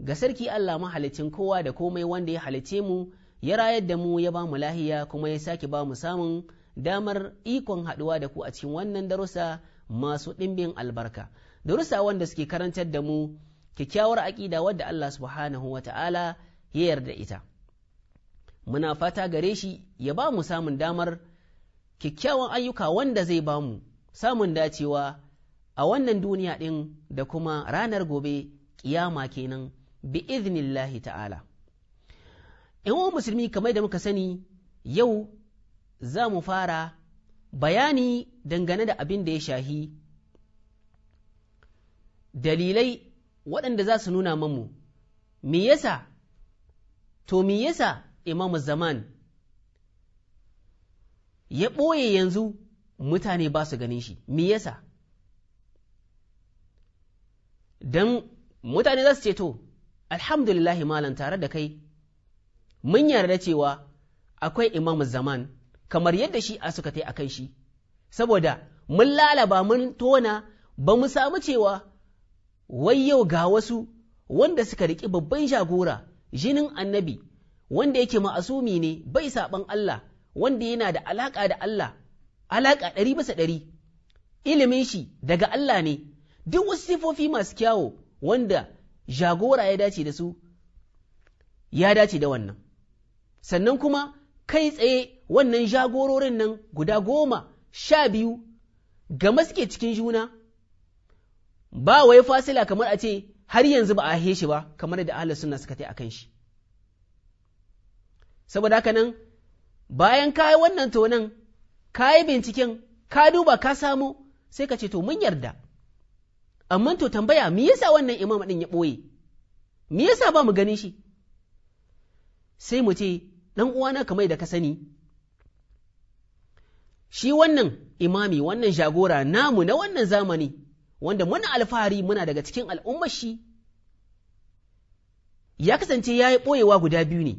ga sarki Allah mahalicin kowa da komai wanda ya halice mu ya rayar da mu ya ba mu lahiya kuma ya sake ba mu samun damar ikon haɗuwa da ku a cikin wannan darussa masu ɗimbin albarka darussa wanda suke karantar da mu kyakkyawar aƙida wadda Allah subhanahu wa ta'ala ya yarda ita muna fata gare shi ya ba mu samun damar kyakkyawan ayyuka wanda zai ba mu samun dacewa a wannan duniya ɗin da kuma ranar gobe ƙiyama kenan bi iznillahi ta'ala ‘yan musulmi kamar da muka sani yau za mu fara bayani dangane da abin da ya shahi dalilai waɗanda za su nuna mamu me yasa to me yasa imamu zaman ya ɓoye yanzu mutane ba su ganin shi me yasa don mutane za su ce to alhamdulillahi malam tare da kai mun yarda cewa akwai imamu zaman kamar yadda shi a suka a kan shi saboda mun lalaba mun tona ba mu samu cewa wai yau ga wasu wanda suka riƙi babban jagora jinin annabi wanda yake ma'asumi ne bai saɓan Allah wanda yana da alaƙa da Allah alaƙa ɗari bisa ɗari ilimin shi daga Allah ne duk wasu sifofi masu kyawo wanda jagora ya dace da su ya dace da wannan sannan kuma kai tsaye wannan jagororin nan guda goma sha biyu ga maske cikin juna ba wai fasila kamar a ce har yanzu ba a shi ba kamar da ahalar suna suka a kan shi saboda haka nan bayan ka yi wannan tonan ka yi binciken ka duba ka samo sai ka ce to mun yarda amma to tambaya me yasa wannan imam din ya ɓoye me yasa ba mu gani shi sai mu ce ɗan uwana kamar da ka sani shi wannan imami wannan jagora namu na wannan zamani wanda muna alfahari muna daga cikin al'ummar shi ya kasance ya yi ɓoyewa guda biyu ne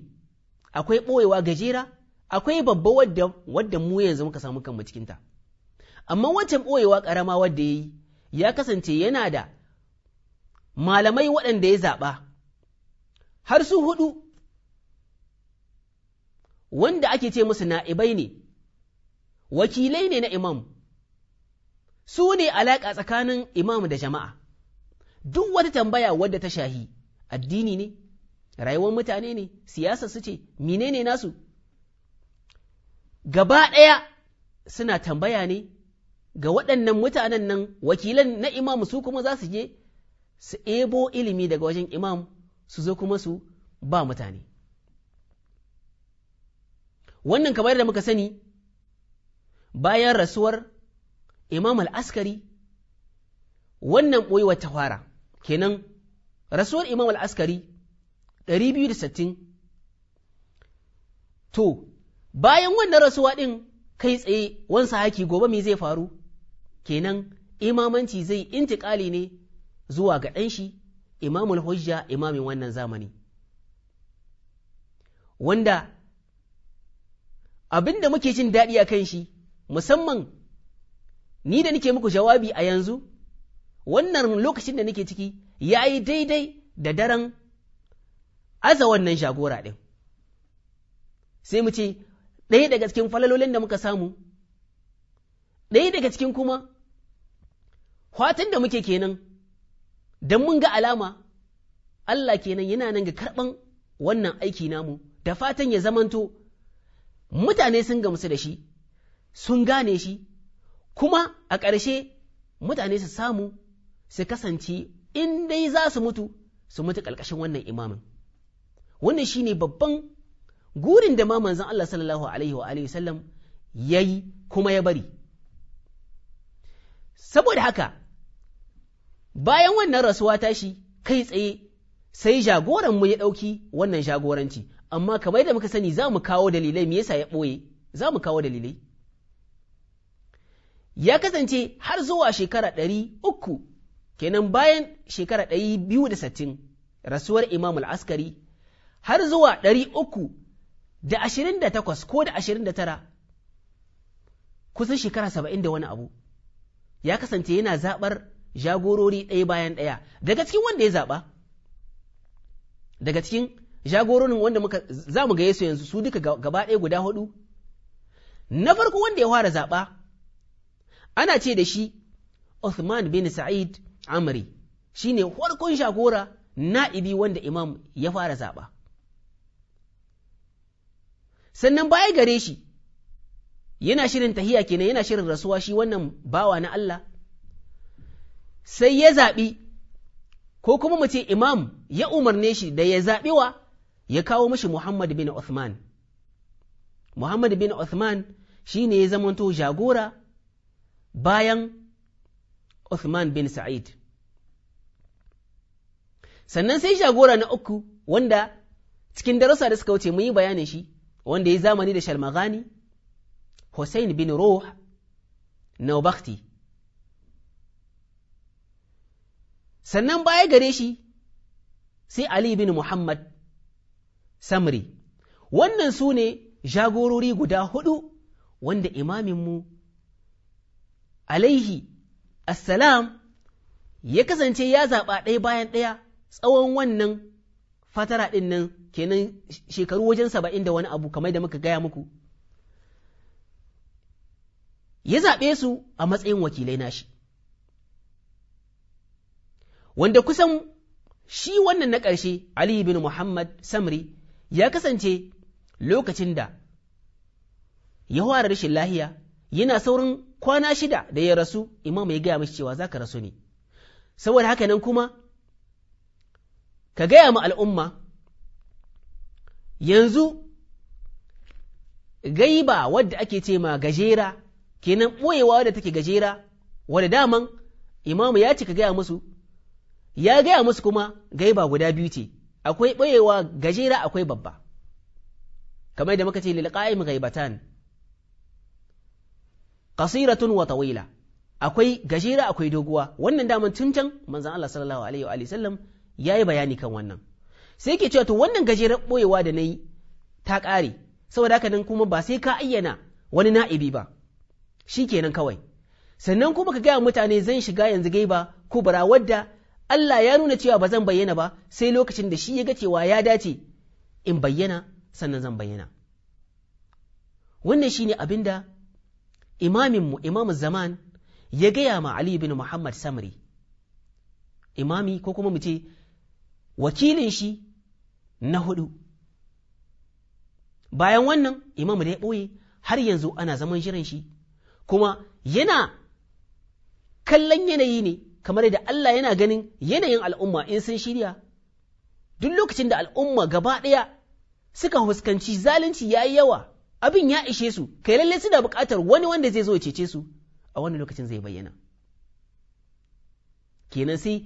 akwai ɓoyewa gajera akwai babba wadda wadda mu yanzu muka samu kanmu cikinta amma wancan ɓoyewa ƙarama wadda ya yi ya kasance yana da malamai waɗanda ya zaɓa har su hudu wanda ake ce musu na'ibai ne wakilai ne na imam su ne alaƙa tsakanin imam da jama'a duk wata tambaya wadda ta shahi addini ne rayuwar mutane ne siyasa su ce menene nasu gaba ɗaya suna tambaya ne ga waɗannan mutanen nan wakilan na imam su kuma za su je su ebo ilimi daga wajen imam su zo kuma su ba mutane wannan kamar da muka sani bayan rasuwar imam al'askari wannan ɓoyewa ta fara kenan rasuwar imam al'askari 260 to bayan wannan rasuwa ɗin kai tsaye wansa haki gobe me zai faru kenan imamanci zai intiƙali ne zuwa ga ɗan shi imamul hujja imamin wannan zamani wanda abin da muke jin daɗi a kan shi musamman ni da nike muku jawabi a yanzu wannan lokacin da nake ciki ya yi daidai da daren aza wannan jagora ɗin sai mu ce ɗaya daga cikin falalolin da muka samu ɗaya daga cikin kuma Kwatan da muke kenan, don mun ga alama, Allah kenan yana nan ga karɓan wannan aiki namu, da fatan ya zamanto mutane sun gamsu da shi, sun gane shi, kuma a ƙarshe mutane su samu su kasance in dai za su mutu, su mutu ƙalƙashin wannan imamin. Wannan shi ne babban gurin da ma manzon Allah sallallahu Alaihi wa sallam ya yi kuma ya bari. Saboda haka, bayan wannan rasuwa tashi kai tsaye sai jagoran mu ya ɗauki wannan jagoranci amma kamar da muka sani za mu kawo dalilai me yasa ya ɓoye za mu kawo dalilai ya kasance har zuwa shekara ɗari uku kenan bayan shekara ɗari biyu da sittin rasuwar imam al-Askari har zuwa ɗari uku da ashirin da takwas ko da ashirin da tara kusan shekara saba'in da wani abu ya kasance yana zaɓar jagorori ɗaya bayan ɗaya daga cikin wanda ya zaɓa daga cikin jagororin wanda muka za mu ga Yesu yanzu su duka gaba ɗaya guda hudu na farko wanda ya fara zaɓa ana ce da shi Uthman bin Sa'id Amri shine farkon shagora na'ibi wanda imam ya fara zaɓa sannan baya gare shi yana shirin tahiya kenan yana shirin rasuwa shi wannan bawa na Allah sai ya zaɓi ko kuma mu ce imam ya umarne shi da ya zaɓi wa ya kawo mashi Muhammad bin Uthman Muhammad bin Uthman shi ne ya zamanto jagora bayan Uthman bin Sa'id sannan sai jagora na uku wanda cikin darussa da suka wuce mun yi bayanin shi wanda ya zamani da Shalmagani Hussein bin Ruh Naubakti sannan baya gare shi sai Ali bin Muhammad Samri, wannan su ne jagorori guda hudu wanda imaminmu alaihi assalam ya kasance ya zaɓa ɗaya bayan ɗaya tsawon wannan fatara ɗin nan kenan shekaru wajen saba'in da wani abu kamar da muka gaya muku ya zaɓe su a matsayin wakilai nashi wanda kusan shi wannan na ƙarshe Ali bin Muhammad Samri ya kasance lokacin da ya fara rashin lahiya yana saurin kwana shida da ya rasu imam ya gaya mishi cewa za ka rasu ne saboda haka nan kuma ka gaya ma al'umma yanzu gaiba wadda ake ce ma gajera kenan ɓoyewa wadda take gajera wadda daman imamu ya ka gaya musu ya gaya musu kuma gaiba guda biyu ce akwai ɓoyewa gajera akwai babba kamar da muka ce lil qa'im ghaibatan qasiratun wa tawila akwai gajera akwai doguwa wannan daman tun can manzon Allah sallallahu alaihi wa sallam yayi bayani kan wannan sai yake cewa to wannan gajeren ɓoyewa da na yi ta ƙare saboda haka nan kuma ba sai ka ayyana wani na'ibi ba shi shikenan kawai sannan kuma ka gaya mutane zan shiga yanzu gaiba kubra wadda Allah ya nuna cewa ba zan bayyana ba sai lokacin da shi ya ga cewa ya dace in bayyana sannan zan bayyana wannan shine abin da imaminmu imamu zaman ya gaya ma Ali bin Muhammad Samri imami ko kuma mu ce wakilin shi na hudu bayan wannan imamu da ya ɓoye har yanzu ana zaman shirin shi kuma yana kallon yanayi ne kamar da Allah yana ganin yanayin al'umma in sun shirya duk lokacin da al'umma gaba ɗaya suka fuskanci zalunci ya yi yawa abin ya ishe su kai lalle suna buƙatar wani wanda zai zo ya cece su a wani lokacin zai bayyana kenan sai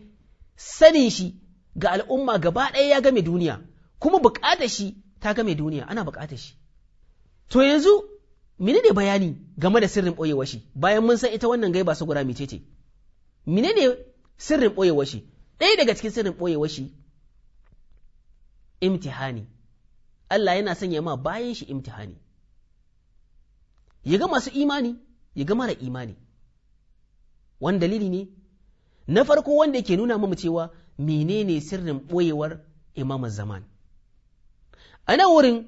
sanin shi ga al'umma gaba ɗaya ya game duniya kuma buƙatar shi ta game duniya ana buƙatar shi to yanzu ne bayani game da sirrin ɓoyewa shi bayan mun san ita wannan gaiba su gura mecece ce menene sirrin ɓoyewar shi ɗaya daga cikin sirrin ɓoyewar shi imtihani Allah yana sanya ma bayan shi imtihani ya ga masu imani ya ga mara imani wani dalili ne na farko wanda yake nuna mamu cewa menene sirrin ɓoyewar imam zaman a nan wurin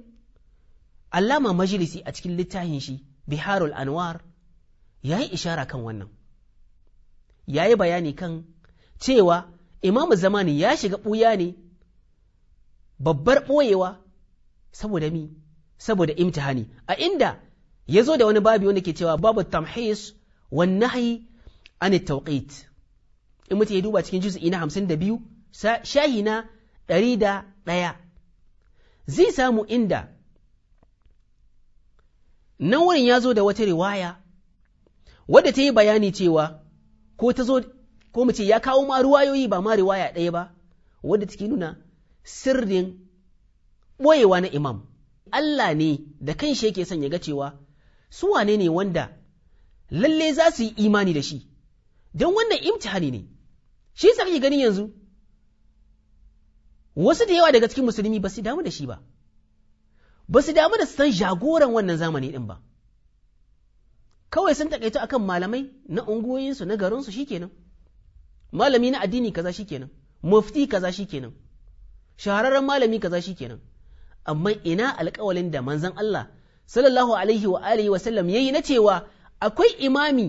allama majalisi a cikin littafin shi biharul anwar ya yi ishara kan wannan ya yi bayani kan cewa imamu zamani ya shiga ɓuya ne babbar ɓoyewa saboda mi saboda imtihani a inda ya zo da wani babi wanda ke cewa babu tamhis wa nahyi an tawqit in mutum ya duba cikin juz'i na 52 shahi na da 101 zai samu inda nan wurin ya zo da wata riwaya wadda ta yi bayani cewa ko ta zo ko mu ce ya kawo ma ruwayoyi ba ma riwaya ɗaya ba wadda take nuna sirrin ɓoyewa na imam Allah ne da shi yake son ya ga cewa su wane ne wanda lalle za su yi imani da shi don wannan imtihani ne shi yasa kake gani yanzu wasu da yawa daga cikin musulmi ba su damu da shi ba ba su damu da san jagoran wannan zamani din ba kawai sun takaita akan malamai na unguwoyinsu na garinsu shikenan malami na addini kaza shikenan mufti kaza shikenan shahararren malami kaza shikenan amma ina alkawalin da manzon Allah sallallahu alaihi wa alihi wa sallam yayi na cewa akwai imami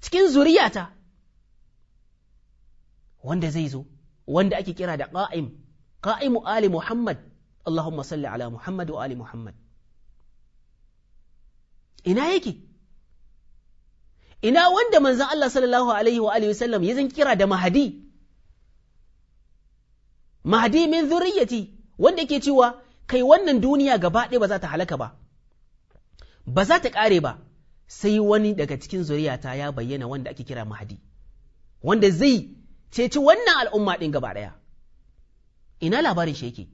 cikin zuriyata wanda zai zo wanda ake kira da qa'im qa'imu ali muhammad Allahumma salli ala muhammad ali muhammad ina yake ina wanda manzan Allah sallallahu alaihi wa alihi wasallam ya zan kira da mahadi mahadi min zuriyati wanda yake cewa kai wannan duniya gaba ɗaya ba za ta halaka ba ba za ta ƙare ba sai wani daga cikin zuriyata ya bayyana wanda ake kira mahadi wanda zai ceci wannan al'umma ɗin gaba ɗaya ina labarin shi yake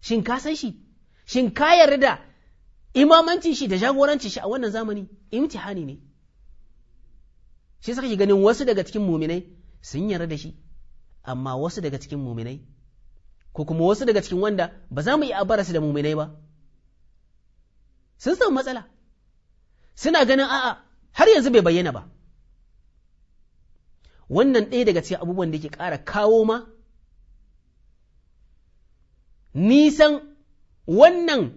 shin ka san shi shin ka yarda imamancin shi da jagorancin shi a wannan zamani imtihani ne shi saka ki ganin wasu daga cikin muminai sun yarda da shi amma wasu daga cikin muminai ko kuma wasu daga cikin wanda ba za mu iya abara su da muminai ba sun san matsala suna ganin a'a har yanzu bai bayyana ba wannan ɗaya daga cikin abubuwan da ke ƙara kawo ma nisan wannan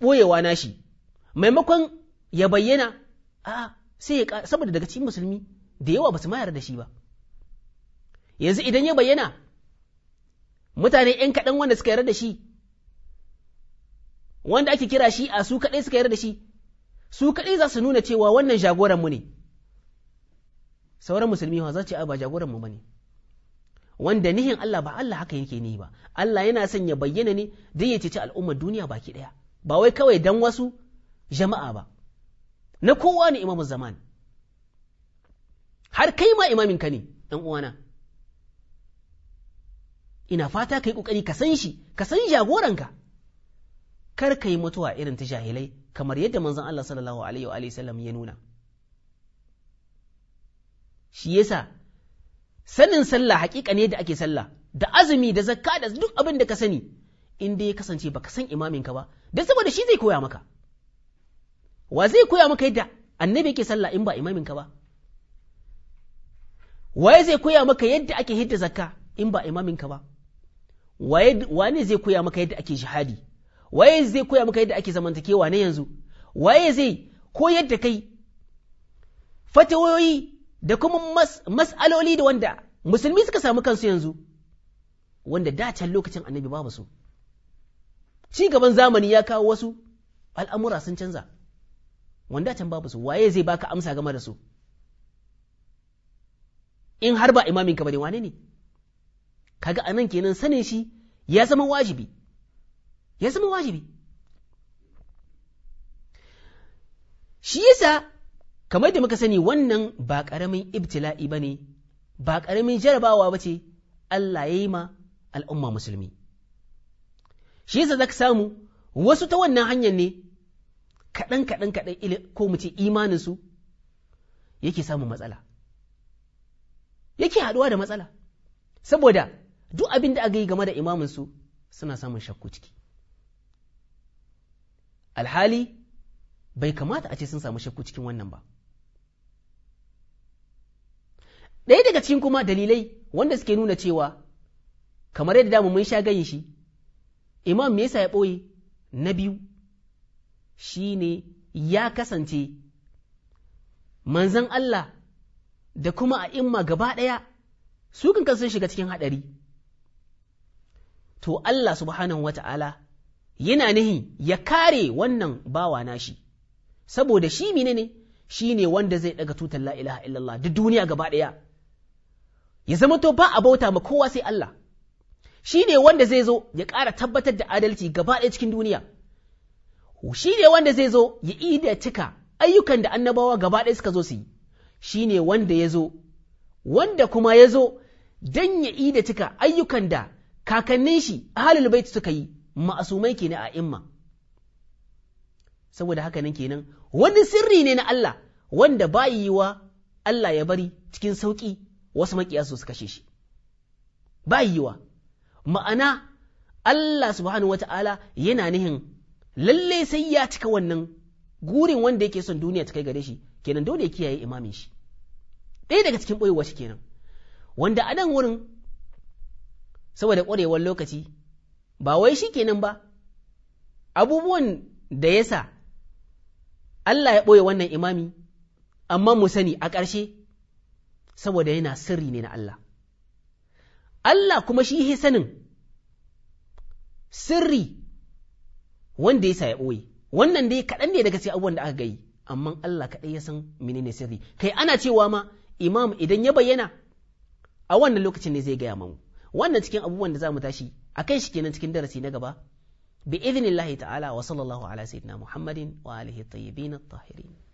ɓoyewa nashi maimakon ya bayyana a sai ya saboda daga cikin musulmi da yawa ba su mayar da shi ba yanzu idan ya bayyana mutane ‘yan kaɗan wanda suka yarda da shi wanda ake kira shi a su kaɗai suka yarda da shi su kaɗai za su nuna cewa wannan jagoranmu ne sauran musulmi za ce ba mu ba ne wanda nihin Allah ba Allah haka yake ne ba Allah yana son ya bayyana ne don ya ceci al'ummar duniya baki ɗaya ba wai kawai dan wasu jama'a ba na kowa ne imamu zaman har kai ma imamin ka ne ɗan uwana ina fata kai kokari ka san shi ka san jagoranka kar kayi mutuwa irin ta jahilai kamar yadda manzon Allah sallallahu alaihi wa sallam ya nuna shi yasa sanin sallah hakika ne da ake sallah da azumi da zakka da duk abin da ka sani in dai ya kasance baka san imamin ka ba dan saboda shi zai koya maka wa zai koya maka yadda annabi yake sallah in ba imamin ka ba waye zai koya maka yadda ake hidda zakka in ba imaminka ba wane zai koya maka yadda ake shahadi. waye zai koya maka yadda ake zamantakewa na yanzu waye zai koyar da kai fatawoyi da kuma mas'aloli da wanda musulmi suka samu kansu yanzu wanda dacen lokacin annabi babu su ci gaban zamani ya kawo wasu al'amura sun canza wanda can babu su waye zai baka amsa game da su in har ba imamin ka bane wane ne kaga anan kenan sanin shi ya zama wajibi ya zama wajibi shi yasa kamar da muka sani wannan ba ƙaramin ibtila'i ba ba ƙaramin jarabawa ba ce Allah ya yi ma al'umma musulmi shi yasa za ka samu wasu ta wannan hanyar ne kaɗan kaɗan kaɗan ko mu ce imaninsu yake samun matsala yake haɗuwa da matsala saboda duk abin da aka yi game da imaminsu suna samun shakku ciki alhali bai kamata a ce sun samu shakku cikin wannan ba ɗaya daga cikin kuma dalilai wanda suke nuna cewa kamar yadda damu mun sha gayin shi imam me yasa ya ɓoye na biyu shi ne ya kasance manzan Allah da kuma a imma gaba ɗaya su kan sun shiga cikin haɗari to Allah subhanahu Ta'ala yana nihi ya kare wannan bawa nashi saboda shi mine ne shi ne wanda zai ɗaga tutar la ilaha illallah duk duniya gaba ɗaya ya zama to ba a bauta ma kowa sai Allah shi ne wanda zai zo ya ƙara tabbatar da adalci gaba ɗaya cikin duniya shi ne wanda zai zo ya ida cika ayyukan da annabawa gaba ɗaya suka zo su yi shi ne wanda ya zo, wanda kuma ya zo don ya ida cika ayyukan da kakannin shi halin bait suka yi ma'asumai kenan a imma. Saboda haka nan kenan wani sirri ne na Allah wanda ba yi wa Allah ya bari cikin sauƙi wasu maƙiya su kashe shi. Ba yi wa, ma'ana Allah subhanahu wa ta'ala yana nihin lalle sai ya cika wannan gurin wanda yake son duniya ta kai gare shi kenan dole ya kiyaye imamin shi ɗaya daga cikin ɓoyewa shi kenan wanda a nan wurin saboda ƙwarewar lokaci ba wai shi kenan ba abubuwan da ya sa Allah ya ɓoye wannan imami amma mu sani a ƙarshe saboda yana sirri ne na Allah Allah kuma shi yi sanin sirri wanda ya sa ya ɓoye wannan dai kaɗan ne daga cikin abubuwan da aka gayi amma Allah kaɗai ya san menene sirri kai ana cewa ma imam idan ya bayyana a wannan lokacin ne zai gaya mamu wannan cikin abubuwan da za mu tashi a kai shi kenan cikin darasi na gaba bi idnillahi ta'ala wa sallallahu ala sayyidina muhammadin wa alihi tayyibin at-tahirin